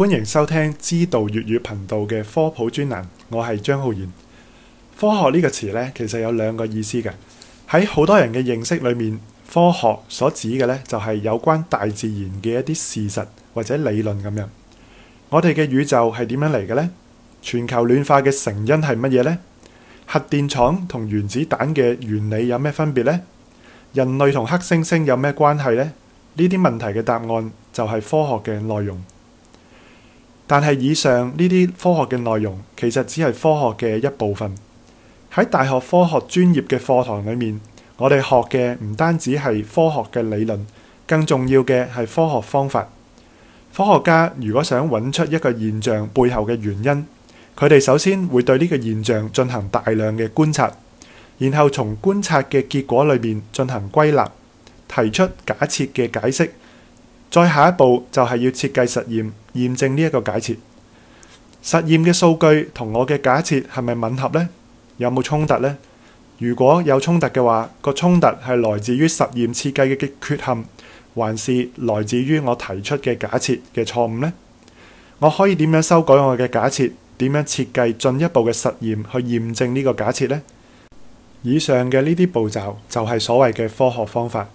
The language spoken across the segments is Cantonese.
歡迎收聽知道粵語頻道嘅科普專欄。我係張浩然。科學呢個詞呢，其實有兩個意思嘅。喺好多人嘅認識裏面，科學所指嘅呢，就係有關大自然嘅一啲事實或者理論咁樣。我哋嘅宇宙係點樣嚟嘅呢？全球暖化嘅成因係乜嘢呢？核電廠同原子彈嘅原理有咩分別呢？人類同黑猩猩有咩關係呢？呢啲問題嘅答案就係科學嘅內容。但係以上呢啲科學嘅內容，其實只係科學嘅一部分。喺大學科學專業嘅課堂裏面，我哋學嘅唔單止係科學嘅理論，更重要嘅係科學方法。科學家如果想揾出一個現象背後嘅原因，佢哋首先會對呢個現象進行大量嘅觀察，然後從觀察嘅結果裏面進行歸納，提出假設嘅解釋。再下一步就係要設計實驗，驗證呢一個假設。實驗嘅數據同我嘅假設係咪吻合呢？有冇衝突呢？如果有衝突嘅話，個衝突係來自於實驗設計嘅缺陷，還是來自於我提出嘅假設嘅錯誤呢？我可以點樣修改我嘅假設？點樣設計進一步嘅實驗去驗證呢個假設呢？以上嘅呢啲步驟，就係所謂嘅科學方法。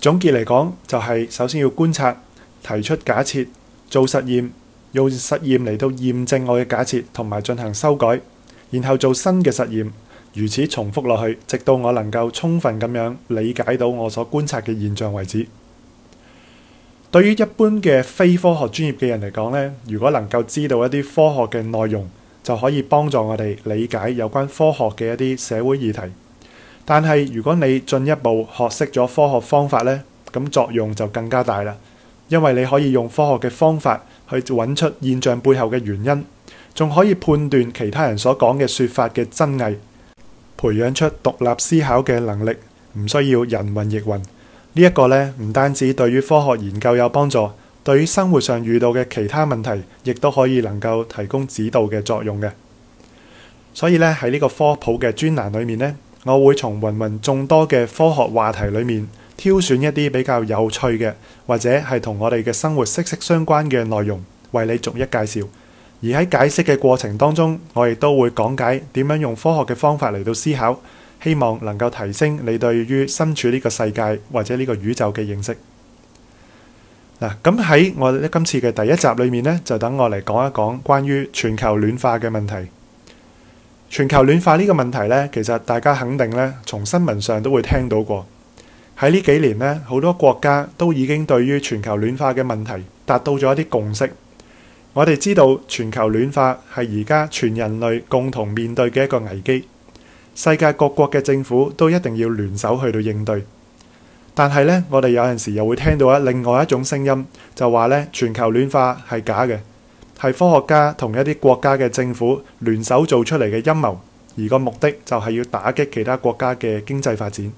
總結嚟講，就係首先要觀察，提出假設，做實驗，用實驗嚟到驗證我嘅假設，同埋進行修改，然後做新嘅實驗，如此重複落去，直到我能夠充分咁樣理解到我所觀察嘅現象為止。對於一般嘅非科學專業嘅人嚟講咧，如果能夠知道一啲科學嘅內容，就可以幫助我哋理解有關科學嘅一啲社會議題。但係，如果你進一步學識咗科學方法咧，咁作用就更加大啦。因為你可以用科學嘅方法去揾出現象背後嘅原因，仲可以判斷其他人所講嘅説法嘅真偽，培養出獨立思考嘅能力，唔需要人雲亦雲。呢一個咧，唔單止對於科學研究有幫助，對於生活上遇到嘅其他問題，亦都可以能夠提供指導嘅作用嘅。所以咧，喺呢個科普嘅專欄裏面咧，我會從芸芸眾多嘅科學話題裏面挑選一啲比較有趣嘅，或者係同我哋嘅生活息息相關嘅內容，為你逐一介紹。而喺解釋嘅過程當中，我亦都會講解點樣用科學嘅方法嚟到思考，希望能夠提升你對於身處呢個世界或者呢個宇宙嘅認識。嗱，咁喺我哋今次嘅第一集裏面咧，就等我嚟講一講關於全球暖化嘅問題。全球暖化呢個問題呢，其實大家肯定呢從新聞上都會聽到過。喺呢幾年呢，好多國家都已經對於全球暖化嘅問題達到咗一啲共識。我哋知道全球暖化係而家全人類共同面對嘅一個危機，世界各國嘅政府都一定要聯手去到應對。但係呢，我哋有陣時又會聽到一另外一種聲音，就話呢：「全球暖化係假嘅。係科學家同一啲國家嘅政府聯手做出嚟嘅陰謀，而個目的就係要打擊其他國家嘅經濟發展。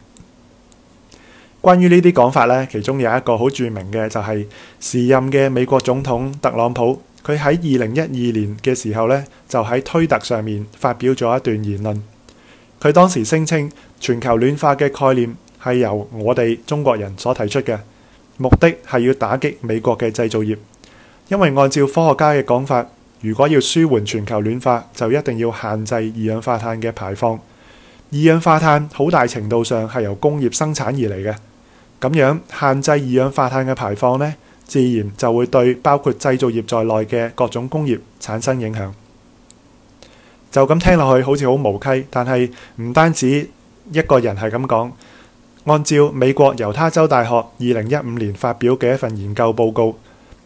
關於呢啲講法咧，其中有一個好著名嘅就係、是、時任嘅美國總統特朗普，佢喺二零一二年嘅時候咧，就喺推特上面發表咗一段言論。佢當時聲稱全球暖化嘅概念係由我哋中國人所提出嘅，目的係要打擊美國嘅製造業。因為按照科學家嘅講法，如果要舒緩全球暖化，就一定要限制二氧化碳嘅排放。二氧化碳好大程度上係由工業生產而嚟嘅，咁樣限制二氧化碳嘅排放呢，自然就會對包括製造業在內嘅各種工業產生影響。就咁聽落去好似好無稽，但係唔單止一個人係咁講，按照美國猶他州大學二零一五年發表嘅一份研究報告。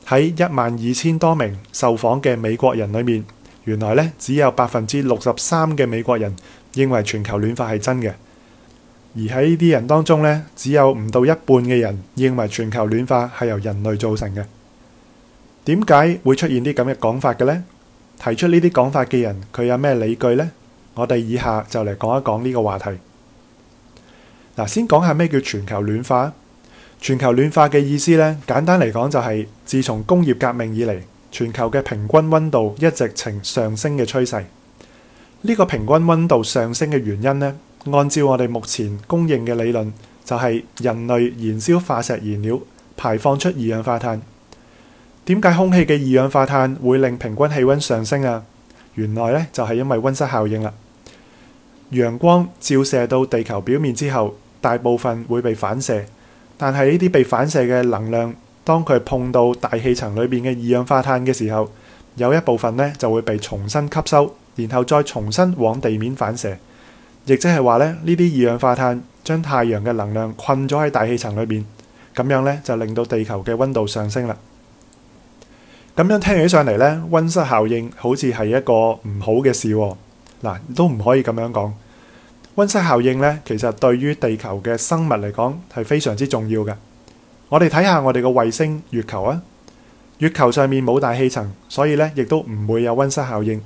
喺一萬二千多名受訪嘅美國人裏面，原來咧，只有百分之六十三嘅美國人認為全球暖化係真嘅，而喺呢啲人當中咧，只有唔到一半嘅人認為全球暖化係由人類造成嘅。點解會出現啲咁嘅講法嘅咧？提出呢啲講法嘅人，佢有咩理據咧？我哋以下就嚟講一講呢個話題。嗱，先講下咩叫全球暖化。全球暖化嘅意思呢，簡單嚟講就係自從工業革命以嚟，全球嘅平均溫度一直呈上升嘅趨勢。呢個平均溫度上升嘅原因呢，按照我哋目前公認嘅理論，就係人類燃燒化石燃料排放出二氧化碳。點解空氣嘅二氧化碳會令平均氣溫上升啊？原來呢，就係因為溫室效應啦。陽光照射到地球表面之後，大部分會被反射。但係呢啲被反射嘅能量，當佢碰到大氣層裏邊嘅二氧化碳嘅時候，有一部分咧就會被重新吸收，然後再重新往地面反射。亦即係話咧，呢啲二氧化碳將太陽嘅能量困咗喺大氣層裏邊，咁樣咧就令到地球嘅溫度上升啦。咁樣聽起上嚟咧，溫室效應好似係一個唔好嘅事喎。嗱，都唔可以咁樣講。温室效應咧，其實對於地球嘅生物嚟講係非常之重要嘅。我哋睇下我哋嘅衛星月球啊，月球上面冇大氣層，所以咧亦都唔會有温室效應。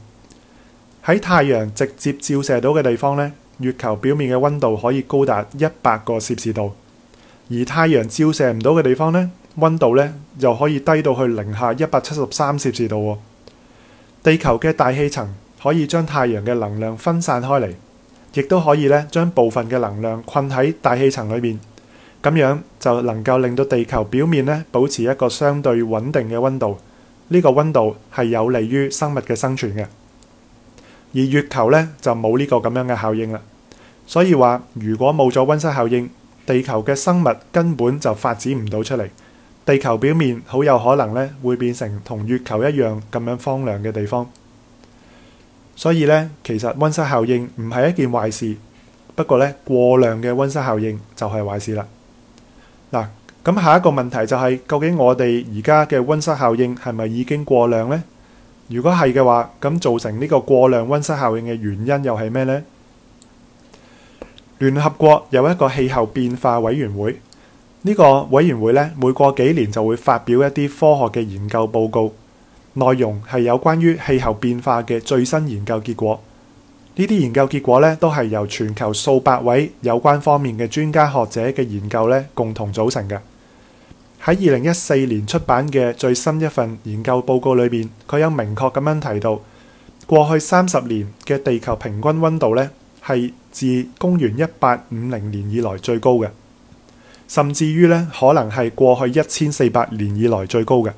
喺太陽直接照射到嘅地方咧，月球表面嘅温度可以高達一百個攝氏度；而太陽照射唔到嘅地方咧，温度咧又可以低到去零下一百七十三攝氏度。地球嘅大氣層可以將太陽嘅能量分散開嚟。亦都可以咧，將部分嘅能量困喺大氣層裏面，咁樣就能夠令到地球表面咧保持一個相對穩定嘅温度。呢個温度係有利於生物嘅生存嘅。而月球咧就冇呢個咁樣嘅效應啦。所以話，如果冇咗温室效應，地球嘅生物根本就發展唔到出嚟，地球表面好有可能咧會變成同月球一樣咁樣荒涼嘅地方。所以咧，其實溫室效應唔係一件壞事，不過咧，過量嘅溫室效應就係壞事啦。嗱，咁下一個問題就係，究竟我哋而家嘅溫室效應係咪已經過量呢？如果係嘅話，咁造成呢個過量溫室效應嘅原因又係咩呢？聯合國有一個氣候變化委員會，呢個委員會咧每過幾年就會發表一啲科學嘅研究報告。內容係有關於氣候變化嘅最新研究結果，呢啲研究結果咧都係由全球數百位有關方面嘅專家學者嘅研究咧共同組成嘅。喺二零一四年出版嘅最新一份研究報告裏邊，佢有明確咁樣提到，過去三十年嘅地球平均溫度咧係自公元一八五零年以來最高嘅，甚至於咧可能係過去一千四百年以來最高嘅。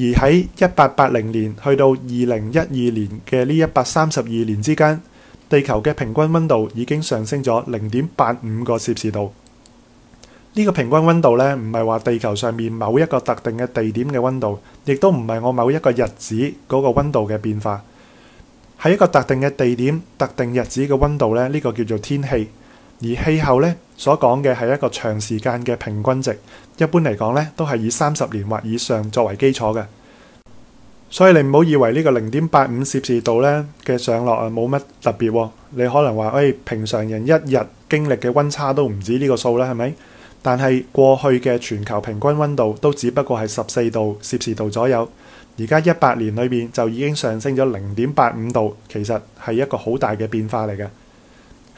而喺一八八零年去到二零一二年嘅呢一百三十二年之間，地球嘅平均温度已經上升咗零點八五個攝氏度。呢個平均温度咧，唔係話地球上面某一個特定嘅地點嘅温度，亦都唔係我某一個日子嗰個温度嘅變化，喺一個特定嘅地點、特定日子嘅温度咧，呢個叫做天氣。而氣候咧，所講嘅係一個長時間嘅平均值，一般嚟講咧，都係以三十年或以上作為基礎嘅。所以你唔好以為呢個零點八五攝氏度咧嘅上落啊冇乜特別，哦。你可能話誒、哎、平常人一日經歷嘅温差都唔止呢個數啦，係咪？但係過去嘅全球平均温度都只不過係十四度攝氏度左右，而家一百年裏邊就已經上升咗零點八五度，其實係一個好大嘅變化嚟嘅。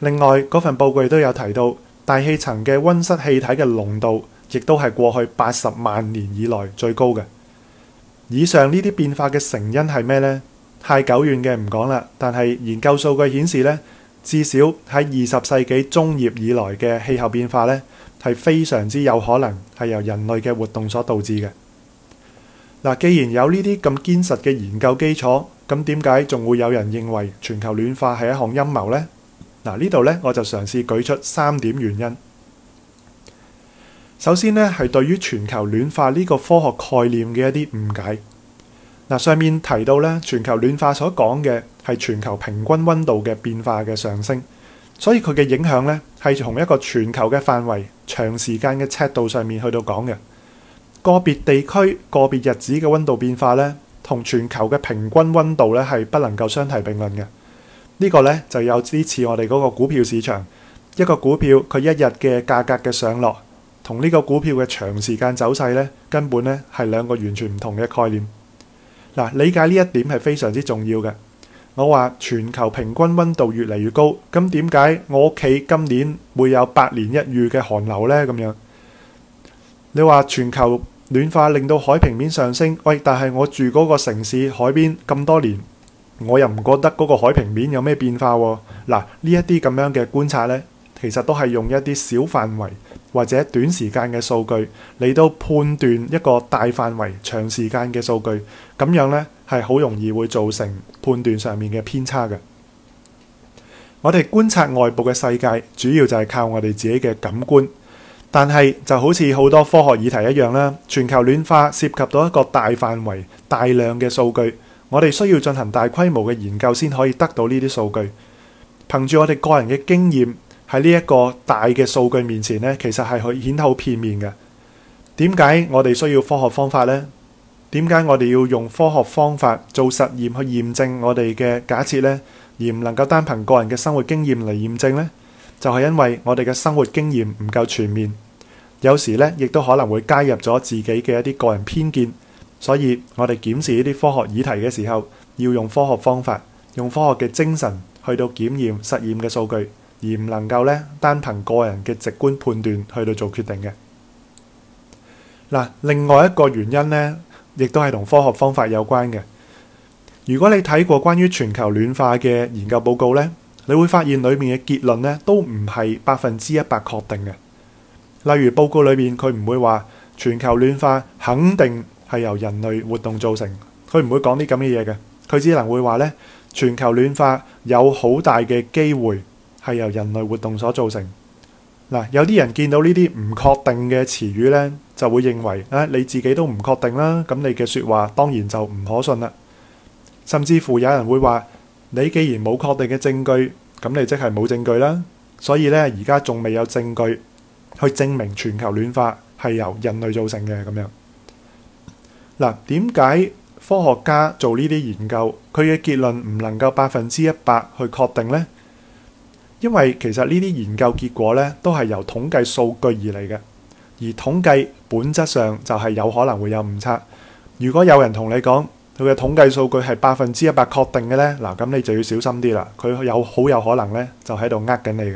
另外，嗰份報告都有提到大氣層嘅温室氣體嘅濃度，亦都係過去八十萬年以來最高嘅。以上呢啲變化嘅成因係咩呢？太久遠嘅唔講啦。但係研究數據顯示呢，至少喺二十世紀中葉以來嘅氣候變化呢，係非常之有可能係由人類嘅活動所導致嘅。嗱，既然有呢啲咁堅實嘅研究基礎，咁點解仲會有人認為全球暖化係一項陰謀呢？嗱，呢度咧我就嘗試舉出三點原因。首先咧係對於全球暖化呢個科學概念嘅一啲誤解。嗱，上面提到咧，全球暖化所講嘅係全球平均温度嘅變化嘅上升，所以佢嘅影響咧係從一個全球嘅範圍、長時間嘅尺度上面去到講嘅。個別地區、個別日子嘅温度變化咧，同全球嘅平均温度咧係不能夠相提並論嘅。呢個呢，就有啲似我哋嗰個股票市場，一個股票佢一日嘅價格嘅上落，同呢個股票嘅長時間走勢呢，根本呢係兩個完全唔同嘅概念。嗱、啊，理解呢一點係非常之重要嘅。我話全球平均温度越嚟越高，咁點解我屋企今年會有百年一遇嘅寒流呢？咁樣，你話全球暖化令到海平面上升，喂，但係我住嗰個城市海邊咁多年。我又唔覺得嗰個海平面有咩變化喎、哦。嗱，呢一啲咁樣嘅觀察呢，其實都係用一啲小範圍或者短時間嘅數據，嚟到判斷一個大範圍長時間嘅數據，咁樣呢，係好容易會造成判斷上面嘅偏差嘅。我哋觀察外部嘅世界，主要就係靠我哋自己嘅感官，但係就好似好多科學議題一樣啦。全球暖化涉及到一個大範圍大量嘅數據。我哋需要進行大規模嘅研究，先可以得到呢啲數據。憑住我哋個人嘅經驗，喺呢一個大嘅數據面前呢，其實係去顯得好片面嘅。點解我哋需要科學方法呢？點解我哋要用科學方法做實驗去驗證我哋嘅假設呢？而唔能夠單憑個人嘅生活經驗嚟驗證呢？就係因為我哋嘅生活經驗唔夠全面，有時呢，亦都可能會加入咗自己嘅一啲個人偏見。所以，我哋檢視呢啲科學議題嘅時候，要用科學方法，用科學嘅精神去到檢驗實驗嘅數據，而唔能夠咧單憑個人嘅直觀判斷去到做決定嘅。嗱，另外一個原因呢，亦都係同科學方法有關嘅。如果你睇過關於全球暖化嘅研究報告呢，你會發現裏面嘅結論呢都唔係百分之一百確定嘅。例如報告裏面，佢唔會話全球暖化肯定係由人類活動造成，佢唔會講啲咁嘅嘢嘅，佢只能會話呢，全球暖化有好大嘅機會係由人類活動所造成。嗱，有啲人見到呢啲唔確定嘅詞語呢，就會認為啊，你自己都唔確定啦，咁你嘅説話當然就唔可信啦。甚至乎有人會話，你既然冇確定嘅證據，咁你即係冇證據啦。所以呢，而家仲未有證據去證明全球暖化係由人類造成嘅咁樣。嗱，點解科學家做呢啲研究，佢嘅結論唔能夠百分之一百去確定呢？因為其實呢啲研究結果咧，都係由統計數據而嚟嘅，而統計本質上就係有可能會有誤差。如果有人同你講佢嘅統計數據係百分之一百確定嘅咧，嗱，咁你就要小心啲啦。佢有好有可能咧，就喺度呃緊你嘅。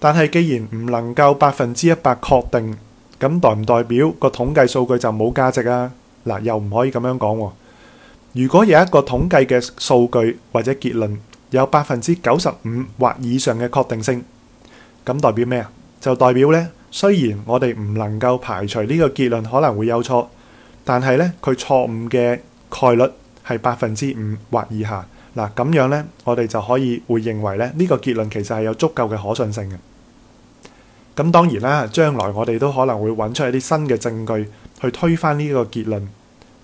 但係既然唔能夠百分之一百確定。咁代唔代表個統計數據就冇價值啊？嗱，又唔可以咁樣講喎。如果有一個統計嘅數據或者結論有百分之九十五或以上嘅確定性，咁代表咩啊？就代表咧，雖然我哋唔能夠排除呢個結論可能會有錯，但係咧，佢錯誤嘅概率係百分之五或以下。嗱，咁樣咧，我哋就可以會認為咧，呢個結論其實係有足夠嘅可信性嘅。咁當然啦，將來我哋都可能會揾出一啲新嘅證據去推翻呢個結論。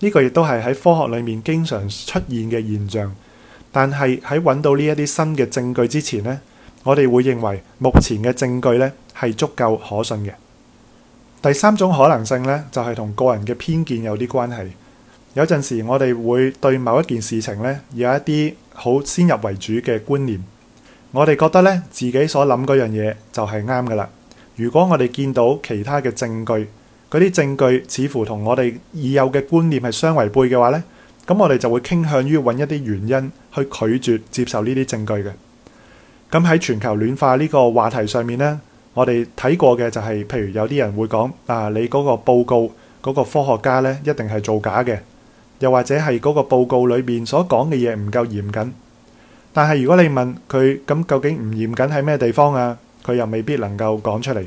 呢個亦都係喺科學裏面經常出現嘅現象。但係喺揾到呢一啲新嘅證據之前呢，我哋會認為目前嘅證據呢，係足夠可信嘅。第三種可能性呢，就係同個人嘅偏見有啲關係。有陣時我哋會對某一件事情呢，有一啲好先入為主嘅觀念，我哋覺得呢，自己所諗嗰樣嘢就係啱噶啦。如果我哋見到其他嘅證據，嗰啲證據似乎同我哋已有嘅觀念係相違背嘅話咧，咁我哋就會傾向於揾一啲原因去拒絕接受呢啲證據嘅。咁喺全球暖化呢個話題上面咧，我哋睇過嘅就係，譬如有啲人會講啊，你嗰個報告嗰個科學家咧，一定係造假嘅，又或者係嗰個報告裏面所講嘅嘢唔夠嚴謹。但係如果你問佢咁究竟唔嚴謹喺咩地方啊？佢又未必能夠講出嚟。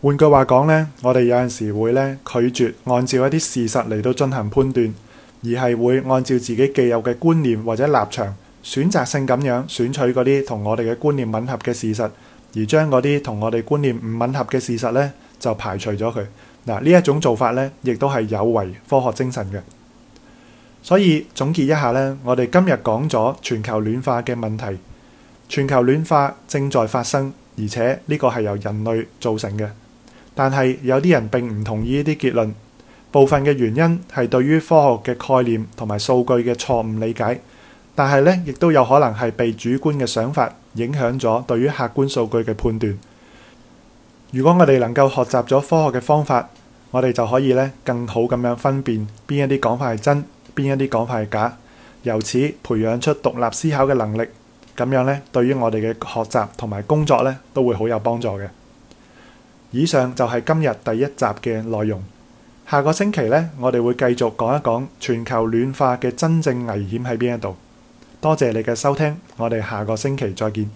換句話講咧，我哋有陣時會咧拒絕按照一啲事實嚟到進行判斷，而係會按照自己既有嘅觀念或者立場，選擇性咁樣選取嗰啲同我哋嘅觀念吻合嘅事實，而將嗰啲同我哋觀念唔吻合嘅事實咧就排除咗佢。嗱，呢一種做法咧，亦都係有違科學精神嘅。所以總結一下咧，我哋今日講咗全球暖化嘅問題，全球暖化正在發生。而且呢個係由人類造成嘅，但係有啲人並唔同意呢啲結論。部分嘅原因係對於科學嘅概念同埋數據嘅錯誤理解，但係咧亦都有可能係被主觀嘅想法影響咗對於客觀數據嘅判斷。如果我哋能夠學習咗科學嘅方法，我哋就可以咧更好咁樣分辨邊一啲講法係真，邊一啲講法係假，由此培養出獨立思考嘅能力。咁樣呢，對於我哋嘅學習同埋工作呢，都會好有幫助嘅。以上就係今日第一集嘅內容。下個星期呢，我哋會繼續講一講全球暖化嘅真正危險喺邊一度。多謝你嘅收聽，我哋下個星期再見。